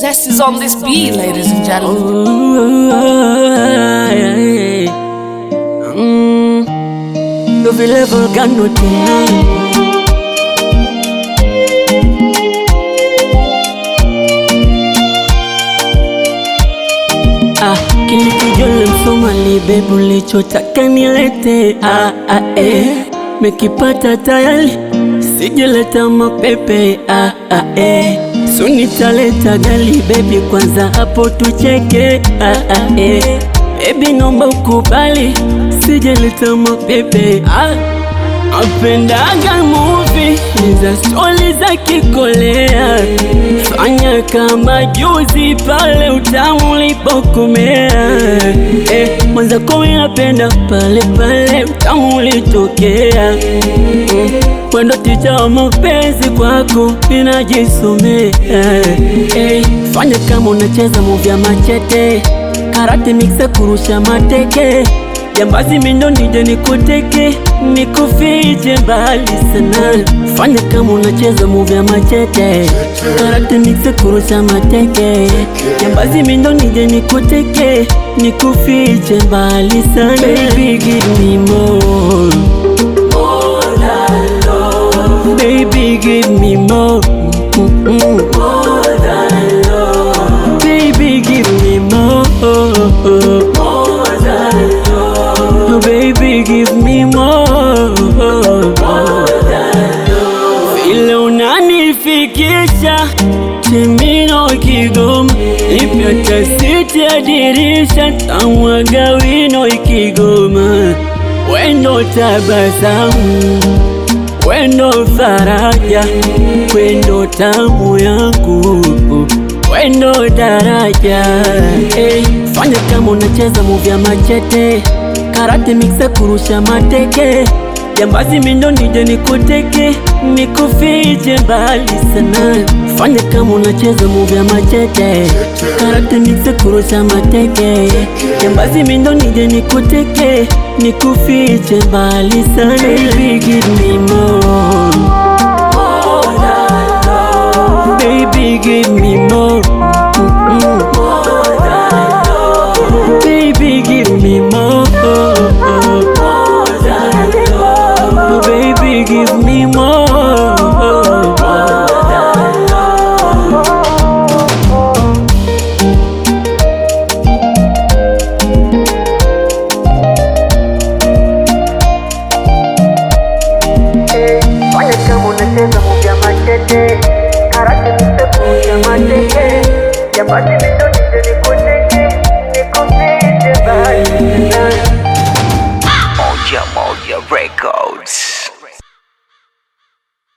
Zest is on this beat, ladies and gentlemen. Ooh, yeah, yeah. Mm. Novi level gano tonight. Ah, kile kijole msomali bebu ulichotaka nilete ah, ah, eh. Mekipata tayali sijeleta mapepe ah, ah, eh. Suni taleta gali baby, kwanza hapo tucheke. Ah, ah, eh. Baby nomba ukubali, sijaleta mapebe. Ah, apendaga mu za stori za kikolea, fanya kama juzi pale utamu ulipokomea. Eh, mwenzako napenda pale pale utamu ulitokea. Eh, mm, wendo ticha wa mapenzi kwako ninajisomea. Eh, fanya kama unacheza movya machete, karate mixa kurusha mateke Jambazi mino nije nikuteke nikufiche mbali sana, fanya kama unacheza movie ya machete, karate mixe kurusha mateke. Jambazi mino nije nikuteke nikufiche mbali sana, baby give me more Hakikisha ikigoma Kigoma ipyata siti ya dirisha tamwaga wino ikigoma wendo tabasamu wendo faraja wendo tamu yangu wendo daraja hey, fanya kama unacheza muvya machete karate mixe kurusha mateke Jambazi mindo nije nikuteke nikufiche mbali sana, fanya kama unacheza movie machete karate nise kurusha mateke. Jambazi mindo nije nikuteke nikufiche mbali sana, baby give me more, baby give me Yeah, but.